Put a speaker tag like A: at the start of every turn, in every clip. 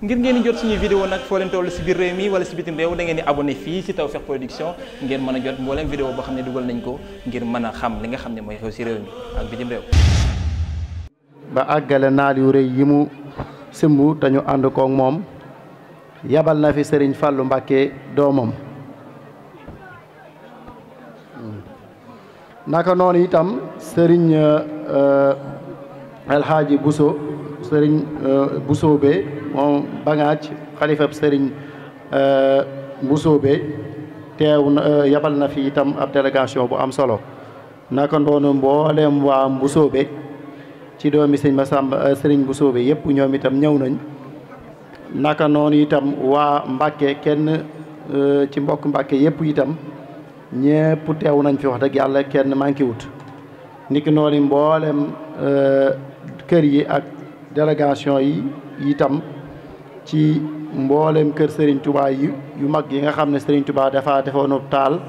A: ngir ngeen jot suñuy vidéo nag foo leen toll si biir réew mi wala si bitim réew da ngeen di abonné fii si Tawfekh Production ngeen mën a jot mbooleem vidéo boo xam ne dugal nañ ko ngir mën a xam li nga xam ne mooy xew si réew mi
B: ba àggale naal yu rëy yi mu simb te ñu ànd koog moom yabal na fi sëriñ Fàllu Mbàkke doomam naka noonu itam sëriñ euh, alxaaji Buso sëriñ euh, Busoobe moom Bangaaj xalifab sëriñ euh, bu Busoobe teew na euh, yabal na fi itam ab délégation bu am solo naka noonu mbooleem waa Busoobe ci doomi sëñ Masamba sëriñ Busoobe yëpp ñoom itam ñëw nañ naka noonu itam waa mbakke kenn ci mbokk Mbàkke yëpp itam ñëpp teew nañ fi wax dëgg yàlla kenn manqué wut niki noonu mboolem kër yi ak délégation yi itam ci mboolem kër sëriñ Touba yu mag yi nga xam ne Serigne defaa dafa defoonub taal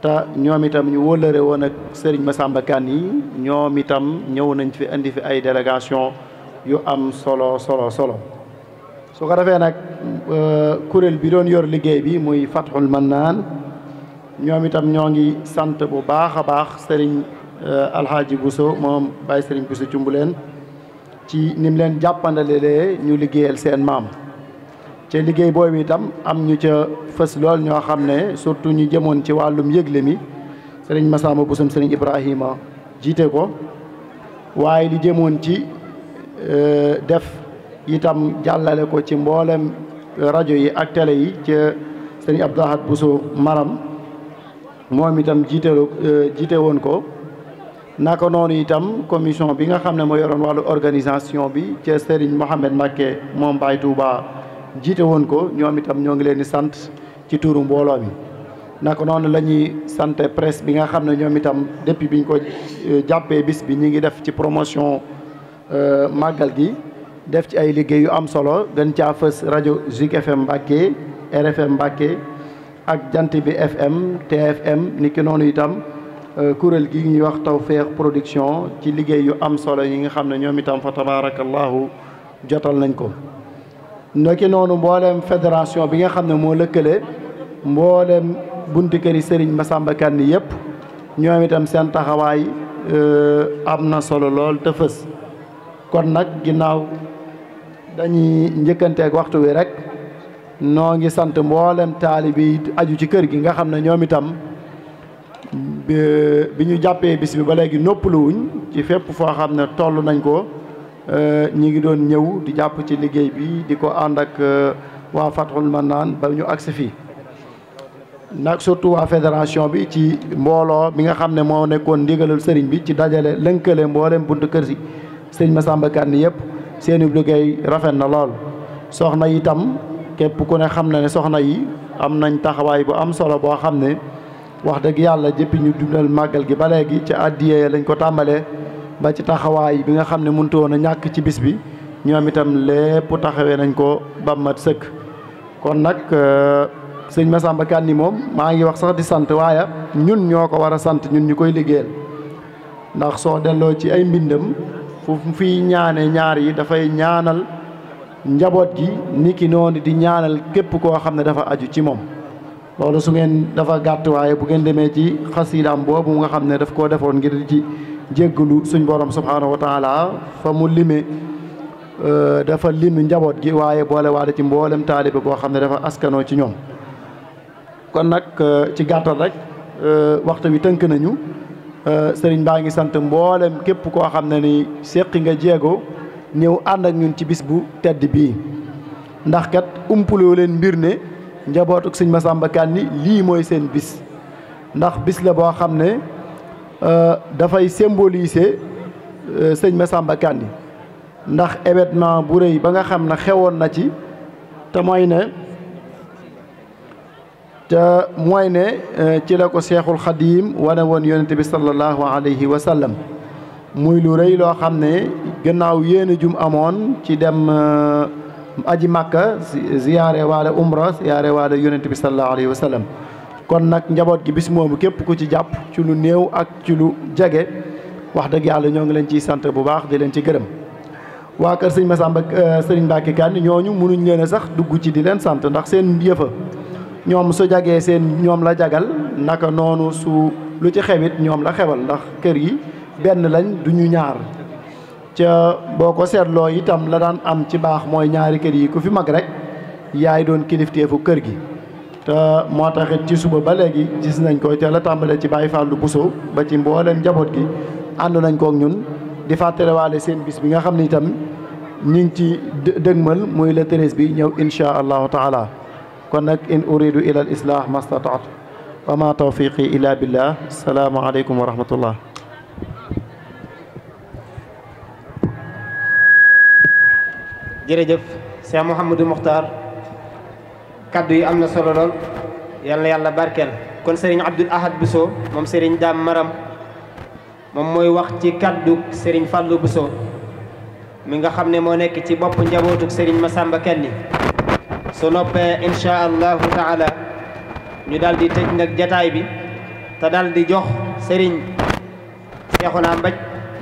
B: te ñoom itam ñu wólëre woon ak Serigne Massamba Kane yi ñoom itam ñëw nañ fi indi fi ay délégation yu am solo solo solo su ko defee nag euh, kuréel bi doon yor liggéey bi muy Fathul Mannaan ñoom itam ñoo ngi sant bu baax a baax Serigne euh, Alxaaji Bousso moom Baye Serigne Bousso Cumbuleen ci nim leen jàppandale le ñu liggéeyal seen maam ca liggéey boobu itam am ñu ca fës lool ñoo xam ne surtout ñu jëmoon ci wàllum yëgle mi sëriñ Massamba Bosoum sëriñ Ibrahima jiite ko waaye li jëmoon ci euh, def itam jàllale ko ci mboolem rajo yi ak tele yi ca sëriñ Abdou Ahad Bousso Maram moom itam jiite euh, jiite woon ko naka noonu itam commission bi nga xam ne moo yoroon wàllu organisation bi ci Serigne Mohamed Mbacké moom Baye Touba jiite woon ko ñoom itam ñoo ngi leen di sant ci tuuru mbooloo mi. naka noonu la ñuy sant presse bi nga xam ne ñoom itam depuis biñ ko euh, jàppee bis bi ñu ngi def ci promotion euh, màggal gi def ci ay liggéey am solo gën caa fës rajo Zik FM Mbacké RFM Mbacké ak jant bi FM TFM niki noonu itam. Euh, kuréel gi ñuy wax feex Production ci liggéey yu am solo yi nga xam ne ñoom itam fa tabarakallahu jotal nañ ko ndoki noonu mbooleem fédération bi nga xam ne moo lëkkale mbooleem bunti këri Serigne Massamba Kane yëpp ñoom itam seen taxawaay euh, am na solo lool te fës kon nag ginnaaw dañuy njëkkanteeg waxtu wi rek noo ngi sant mboolem taalibi aju ci kër gi nga xam ne ñoom itam bi ñu jàppee bis bi ba léegi noppaluwuñ ci fépp foo xam ne toll nañ ko euh, ñi ngi doon ñëw di jàpp ci liggéey bi di ko ànd ak euh, waa Fathul Manaan ba ñu agsi fii nag surtout waa fédération bi ci mbooloo bi nga xam ne moo nekkoon ndigalul sëriñ bi ci dajale lënkale mbooleem buntu kër si sëriñ Massamba Kane yëpp seen i liggéey rafet na lool soxna yi itam képp ku ne xam na ne soxna yi am nañ taxawaay bu am solo boo xam ne wax dëgg yàlla jëppi ñu dundal màggal gi ba léegi ci àddiyee lañ ko tàmbalee ba ci taxawaay bi nga xam ne mënut woon a ñàkk ci bis bi ñoom itam lépp taxawee nañ ko ba mat sëkk. kon nag euh, sëñ Massamba Kanni moom maa ngi wax sax di sant waaye ñun ñoo ko war a sant ñun ñu koy liggéeyal ndax soo delloo ci ay mbindam fu fiy ñaane ñaar yi dafay ñaanal njaboot gi ni niki noonu di ñaanal képp koo xam ne dafa aju ci moom. loolu su ngeen dafa gàtt waaye bu ngeen demee ci xasiidaam boobu nga xam ne daf koo defoon ngir ci jéggalu suñ borom subhaanahu wa taala fa mu lime euh, dafa lim njaboot gi waaye boole waale ci mboolem taalibe boo xam ne dafa askanoo ci ñoom kon nag euh, ci gàttal rek euh, waxtu wi tënk nañu sëriñ baa ngi sant mboolem képp koo xam ne ni séqi nga jéego ñëw ànd ak ñun ci bis bu tedd bii ndax kat umpuloo leen mbir ne njabootuk sëñ Masamba Kan ni lii mooy seen bis ndax bis la boo xam ne euh, dafay symboliser euh, sëñ Masamba Kan ndax événement bu rëy ba nga xam ne xewoon na ci te mooy ne te mooy ne euh, ci la ko seexul xadiim wane woon yonente bi sallallahu alayhi wa sallam muy lu rëy loo xam ne gannaaw yéen a amoon ci dem aji màkka ziyaare waale umra ziyaare waale yonent bi sallallahu alayhi wa sallam kon nag njaboot gi bis moomu képp ku ci jàpp ci lu néew ak ci lu jege wax dëgg yàlla ñoo ngi leen ciy sant bu baax di leen ci gërëm waa kër sëñ Massamba sëriñ Mbacke euh, kan ñooñu munuñ leen sax dugg ci di leen sant ndax seen yëfa ñoom su jagee seen ñoom la jagal naka noonu su lu ci xewit ñoom la xewal ndax kër yi benn lañ du ñu ñaar ca boo ko seetloo itam la daan am ci baax mooy ñaari kër yi ku fi mag rek yaay doon kilifteefu kër gi te moo taxit ci suba ba léegi gis nañ ko ca la tàmbale ci Baye Fallou Bousso ba ci mbooleem njaboot gi ànd nañ kook ñun di fàttalewaale seen bis bi nga xam ne itam ñu ngi ci dëgmal muy le treize bi ñëw insha allahu taala kon nag in uridu ila al islah mastataat wa ma tawfiqi illa billah salaamu aleykum wa rahmatullah jërëjëf Cheikh Mouhamadou Mokhtar kaddu yi am na solo lool yal na yàlla barkeel kon Serigne Abdoul Ahad Bousso moom Serigne Dame Maram moom mooy wax ci kaddu Serigne Fallou Bousso mi nga xam ne moo nekk ci bopp njabootuk Serigne Massamba Kanni su noppee incha allahu taala ñu daal tëj nag jataay bi te daal di jox Serigne Cheikhouna Mbaj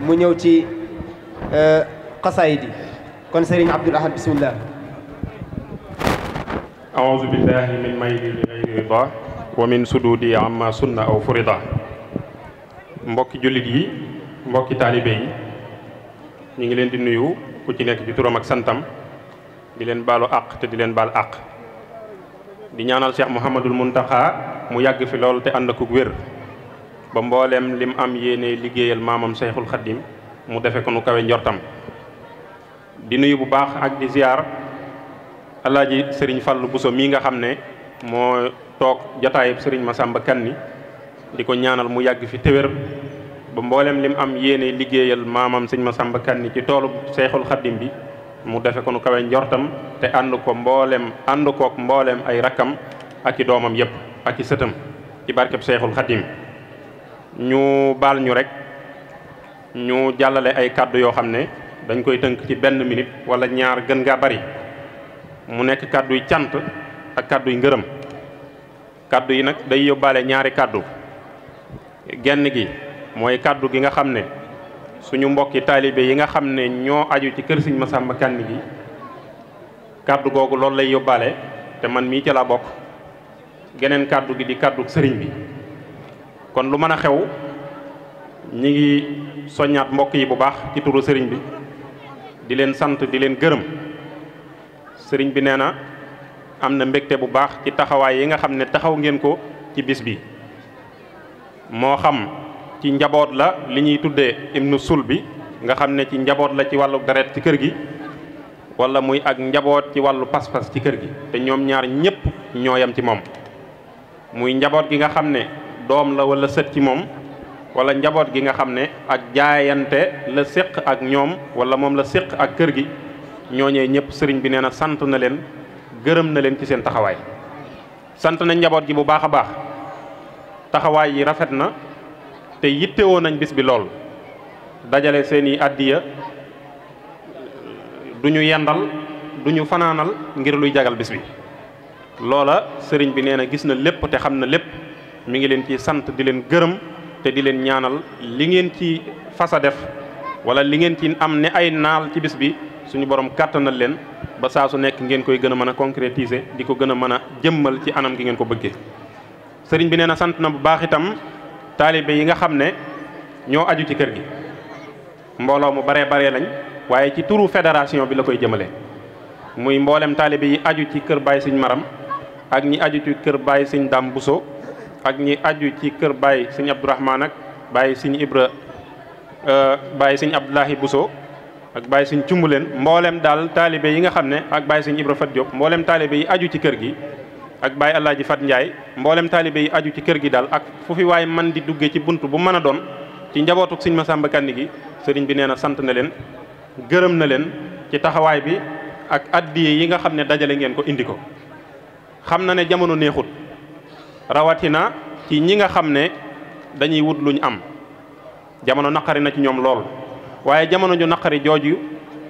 B: mu ñëw ci euh, xasaayid yi kon sëriñ Abdoul Ahad
A: bisimilah. aouzu billahi min mayli li wa min sududi amma sunna aw furida mbokki jullit yi mbokki taalibe yi ñu ngi leen di nuyu ku ci nekk ci turam ak santam di leen baalu àq te di leen baal àq di ñaanal Cheikh Mouhamadul Muntaxa mu yàgg fi lool te ànd ak wér ba mbooleem lim am yéene liggéeyal maamam Cheikhul Khadim mu defe ko nu kawe njortam di nuyu bu baax ak di ziar alaaji sëriñ Fallou Bousso mii nga xam ne moo toog jotaayub sëriñ Massamba Kanni di ko ñaanal mu yàgg fi téwér ba mboolem lim am yéene liggéeyal maamam sëñ Massamba Kanni ci toolu seexul xaddim bi mu defe ko nu kawe njortam te ànd ko mboolem ànd kook mboolem ay rakkam ak i doomam yëpp ak i sëtam ci barkeb seexul xaddim ñu baal ñu rek ñu jàllale ay kàddu yoo xam ne dañ koy tënk ci benn minute wala ñaar gën ngaa bari mu nekk kàdduy cant ak kàdduy ngërëm kàddu yi nag day yóbbaale ñaari kàddu genn gi mooy kàddu gi nga xam ne suñu mbokki taalibe yi nga xam ne ñoo aju ci kër Sëriñ Masamba Kanni gi kàddu googu loolu lay yóbbaale te man mii ci laa bokk geneen kàddu gi di kàddu sëriñ bi kon lu mën a xew ñi ngi soññaat mbokk yi bu baax ci turu sëriñ bi di leen sant di leen gërëm sëriñ bi nee na am na mbegte bu baax ci taxawaay yi nga xam ne taxaw ngeen ko ci bis bi moo xam ci njaboot la li ñuy tuddee nu sul bi nga xam ne ci njaboot la ci wàllu deret ci kër gi wala muy ak njaboot ci wàllu pas-pas ci kër gi te ñoom ñaar ñépp ñoo yam ci moom muy njaboot gi nga xam ne doom la wala sët ci moom wala njaboot gi nga xam ne ak jaayante la séq ak ñoom wala moom la séq ak kër gi ñooñee ñëpp sëriñ bi nee na sant na leen gërëm na leen ci seen taxawaay sant na njaboot gi bu baax a baax taxawaay yi rafet na te yittewoo nañ bis bi lool dajale seeni àddiya du ñu yendal du ñu fanaanal ngir luy jagal bis bi loola sëriñ bi nee na gis na lépp te xam na lépp mi ngi leen ci sant di leen gërëm te di leen ñaanal li ngeen ci fasa def wala li ngeen ci am ne ay naal ci bis bi suñu borom kàttanal leen ba saa su nekk ngeen koy gën a mën a concrétiser di ko gën a mën a jëmmal ci anam gi ngeen ko bëggee. sëriñ bi nee na sant na bu baax itam taalibe yi nga xam ne ñoo aju ci kër gi mbooloo mu baree baree lañ waaye ci turu fédération bi la koy jëmale muy mboolem taalibe yi aju ci kër Baye Sëñ Maram ak ñi aju ci kër Baye Sëñ bu so ak ñi aju ci kër bàyyi sëñ Abdourahman ak bàyyi sëñ Ibra euh, Baye sëñ Abdoulahi Bousso ak Baye sëñ leen mboolem daal taalibe yi nga xam ne ak Baye sëñ Ibra Fat Diop mboolem taalibe yi aju ci kër gi ak bàyyi Alaaji Fat Ndiaye mboolem taalibe yi aju ci kër gi daal ak fu fi waaye man di duggee ci bunt bu mën a doon ci njabootuk sëñ Masamba Kanni gi sëriñ bi nee na sant na leen gërëm na leen ci taxawaay bi ak addiye yi nga xam ne dajale ngeen ko indi ko xam na ne jamono neexut rawatina ci ñi nga xam ne dañuy wut luñ am jamono naqari na ci ñoom lool waaye jamono ju naqari jooju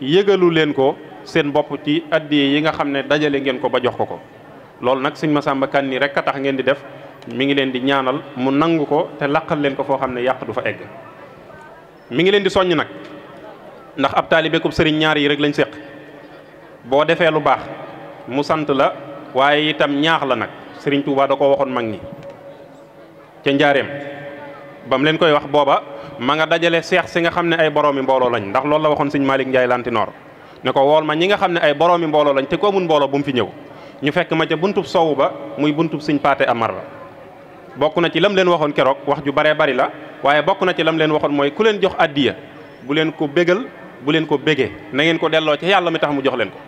A: yëgalu leen ko seen bopp ci addiye yi nga xam ne dajale ngeen ko ba jox ko ko loolu nag sëñ Masamba Kan nii rek a tax ngeen di def mi ngi leen di ñaanal mu nangu ko te laqal leen ko foo xam ne yàq du fa egg mi ngi leen di soññ nag ndax ab taalibe ko sëriñ ñaar yi rek lañ séq boo defee lu baax mu sant la waaye itam ñaax la nag Serigne Touba da koo waxoon mag ñi ca njaareem ba mu leen koy wax booba ma nga dajale seex si nga xam ne ay boroomi mbooloo lañ ndax loolu la waxoon sëñ Malick Ndiaye Lantinoor ne ko wool ma ñi nga xam ne ay boroomi mbooloo lañ te ko mun mbooloo bu mu fi ñëw ñu fekk ma ca buntub sowu ba muy buntub sëñ Paate Amar la bokk na ci lam leen waxoon keroog wax ju baree bari la waaye bokk na ci lam leen waxoon mooy ku leen jox addiya bu leen ko bégal bu leen ko bégee na ngeen ko delloo ci yàlla mi tax mu jox leen ko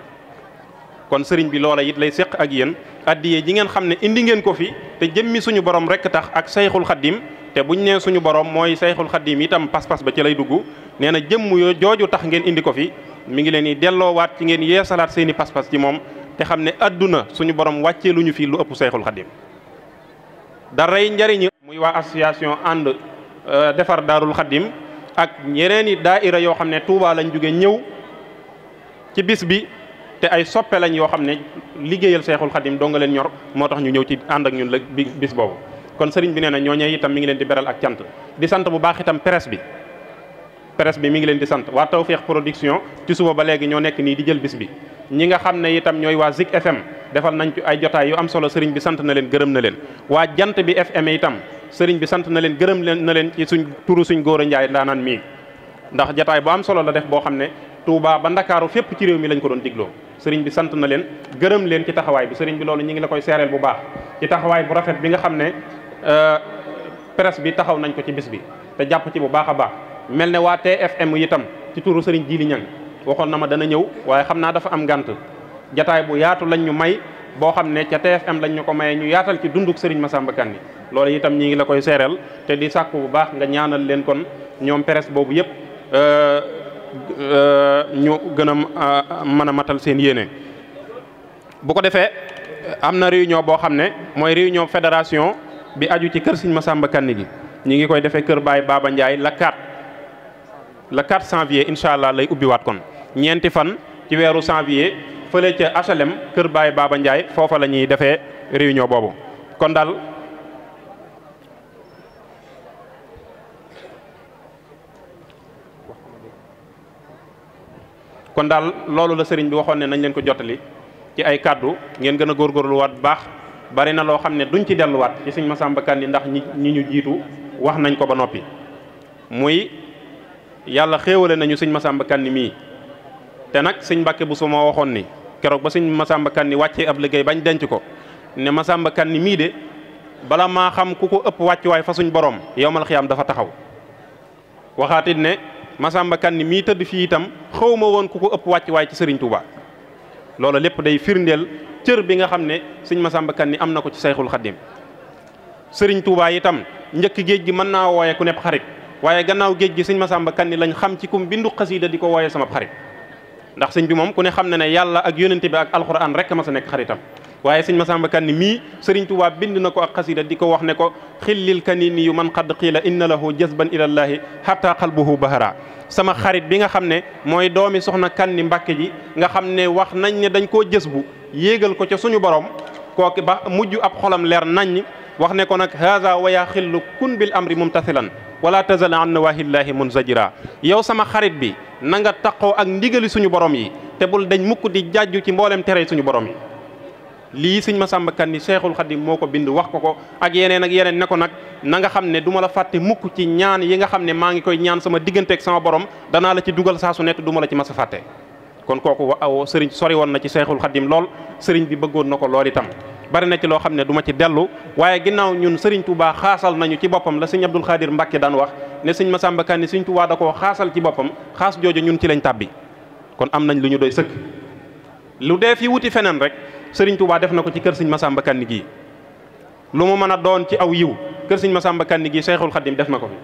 A: kon sëriñ bi loola it lay séq ak yéen addiye ji ngeen xam ne indi ngeen ko fi te jëmmi suñu borom rek tax ak sayxul xaddim te buñ nee suñu borom mooy sayxul xaddim tam pas-pas ba ci lay dugg neena jëmm yoo jooju tax ngeen indi ko fi mu ngi leen di delloowaat ci ngeen yeesalaat seeni pas-pas ci moom te xam ne adduna suñu borom wàccee lu ñu fi lu ëpp sayxul xaddim daray njariñi muy waa association ànd euh, defar daarul xaddim ak yeneen daa daaira yoo xam ne Touba lañ jóge ñëw ci bis bi te ay soppe lañ yoo xam ne liggéeyal seexul xadim doo nga leen ñor moo tax ñu ñëw ci ànd ak ñun la bi bis boobu kon sëriñ bi nee na ñooñee itam mi ngi leen di beral ak cant di sant bu baax itam presse bi presse bi mi ngi leen di sant waa Tawfekh Production ci suba ba léegi ñoo nekk nii di jël bis bi ñi nga xam ne itam ñooy waa Zik FM defal nañ ci ay jotaay yu am solo sëriñ bi sant na leen gërëm na leen waa jant bi FM itam sëriñ bi sant na leen gërëm na leen ci suñ turu suñ góor a njaay ndaanaan mii ndax jotaay bu am solo la def boo xam ne Touba ba Ndakaaru fépp ci réew mi lañ ko doon digloo sëriñ bi sant na leen gërëm leen ci taxawaay bi sëriñ bi loolu ñu ngi la koy seereel bu baax ci taxawaay bu rafet bi nga xam ne euh, presse bi taxaw nañ ko ci bis bi te jàpp ci bu baax a baax mel ne waa TFM itam ci turu sëriñ Jili Ñang waxoon na ma dana ñëw waaye xam naa dafa am gànt jataay bu yaatu lañ ñu may boo xam ne ca TFM lañ ñu ko mayee ñu yaatal ci dunduk sëriñ Massamba Kanni loolu itam ñi ngi la koy seereel te di sàkku bu baax nga ñaanal leen kon ñoom presse boobu yëpp euh, Euh, ñu gën a euh, mën a matal seen yéene. bu ko defee am na réunion boo xam ne mooy réunion fédération bi aju ci kër Sëñ Massamba Kanni gi ñi ngi koy defee kër Baye Baba Ndiaye la 4 la 4 janvier incha allah lay ubbiwaat kon ñeenti fan ci weeru janvier fële ca HLM kër Baye Baba Ndiaye foofa la ñuy defee réunion boobu kon daal. kon daal loolu la sëriñ bi waxoon ne nañ leen ko jottali ci ay kàddu ngeen gën a góorgóorluwaat bu baax bari na loo xam ne duñ ci delluwaat ci sëñ Massamba Kanni ndax ñi ñu jiitu wax nañ ko ba noppi muy yàlla xéewale nañu sëñ Massamba Kanni mii te nag sëñ Mbàkke bu su ma waxoon ni keroog ba sëñ Massamba Kanni wàccee ab liggéey bañ denc ko ne Massamba Kanni mii de bala maa xam ku ko ëpp wàccuwaay fa suñ borom yowmal xiyaam dafa taxaw waxaatit ne Masamba Kanni mii tëdd fii itam xaw ma woon ku ko ëpp wàcc waay ci Serigne Touba loolu lépp day firndeel cër bi nga xam ne sëñ Masamba Kanni am na ko ci Sayxul sëriñ Serigne Touba tam njëkk géej gi mën naa wooye ku nepp xarit waaye gannaaw géej gi sëñ Masamba Kanni lañ xam ci kum bindu xasiida di ko wooye sama xarit ndax sëñ bi moom ku ne xam na ne yàlla ak yónnente bi ak alxuraan rek ma sa nekk xaritam. waaye sëñ Masamba Kanni mii sëriñ Tuubaa bind na ko ak xasida di ko wax ne ko xillil kanini yu man xadd xiila inna lahu jazban ilallahi hatta qalbuhu bahara sama xarit bi nga xam ne mooy doomi soxna Kanni Mbàkke ji nga xam ne wax nañ ne dañ koo jës bu yéegal ko ca suñu borom kooku ba mujj ab xolam leer nañ wax ne ko nag haza wa yaa xillu kun bil amri mumtasilan wala tazal an nawahillahi munzajira yow sama xarit bi nanga nga taqoo ak ndigali suñu borom yi te bul dañ mukk di jàjju ci mboolem tere suñu borom yi lii sëñ ma Kan ni Seexul Xadim moo ko bind wax ko ko ak yeneen ak yeneen ne ko nag na nga xam ne duma la fàtte mukk ci ñaan yi nga xam ne maa ngi koy ñaan sama diggante ak sama borom danaa la ci dugal saa su nekk duma la ci mas a fàtte kon kooku aw sëriñ sori woon na ci Seexul Xadim lool sëriñ bi bëggoon na ko lool itam bari na ci loo xam ne duma ci dellu waaye ginnaaw ñun sëriñ Touba xaasal nañu ci boppam la sëñ Abdul Xaadir Mbàkke daan wax sëñ Masamba Kan ni sëñ koo xaasal ci boppam xaas jooju ñun ci lañ tàbbi kon am nañ lu ñu doy sëkk lu dee fi wuti feneen rek sëriñ Touba def na ko ci kër sëñ Masamba Kanni gii lu mu mën a doon ci aw yiw kër sëñ Masamba Kanni gii Cheikhul Khadim def na ko fi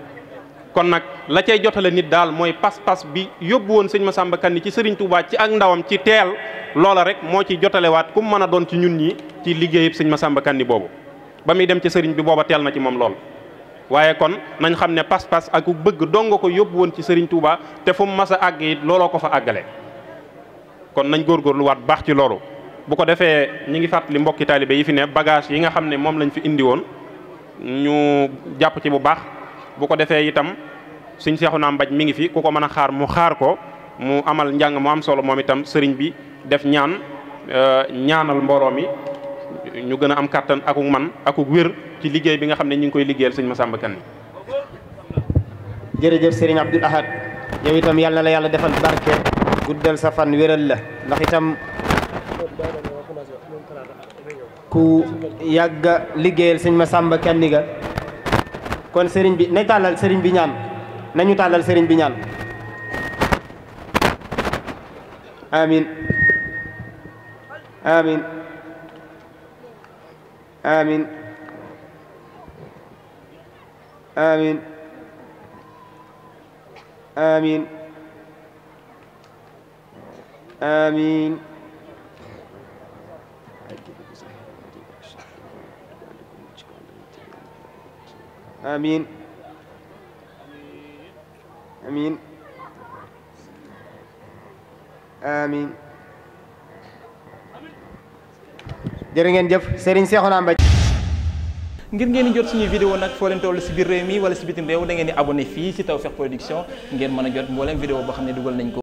A: kon nag la cay jotale nit daal mooy pas-pas bi yóbbu woon sëñ Masamba Kanni ci sëriñ Touba ci ak ndawam ci teel loola rek moo ci jotalewaat ku mën a doon ci ñun ñi ci liggéeyub sëñ Masamba Kanni boobu ba muy dem ci sëriñ bi booba teel na ci moom lool waaye kon nañ xam ne pas-pas ak bëgg dong ko yóbbu ci sëriñ te fu mu mas a àgg looloo ko fa àggale kon nañ góorgóorlu waat baax ci loolu bu ko defee ñi ngi fàttali mbokki taalibe yi fi ne bagage yi nga xam ne moom lañ fi indi woon ñu jàpp ci bu baax bu ko defee itam suñ seexu naa mbaj mi ngi fi ku ko mën a xaar mu xaar ko mu amal njàng mu am solo moom itam sëriñ bi def ñaan euh, ñaanal mbooloo mi ñu gën a am kàttan akuk man akuk wér ci liggéey bi nga xam ne ñu ngi koy liggéeyal sëñ Massamba Kanni jërëjëf sëriñ Abdoul
B: Ahad yow itam yàlla na la yàlla defal guddal sa fan wéral la ndax itam ku yàgga liggéeyal sëñ ma sàmba kenn kon sëriñ bi nañ tàllal sëriñ bi ñaan nañu tàllal sëriñ bi ñaan amin amin amin
A: amin amin
B: آمين آمين آمين آمين
A: jërë ngeen jëf Serigne Cheikhouna Mbathie ngir ngeen di jot suñuy vidéo nag foo leen toll si biir réew mi wala si bitim réew da ngeen di abonné fii si Tawfekh Production ngeen mën a jot mbooleem vidéo boo xam ne dugal nañ ko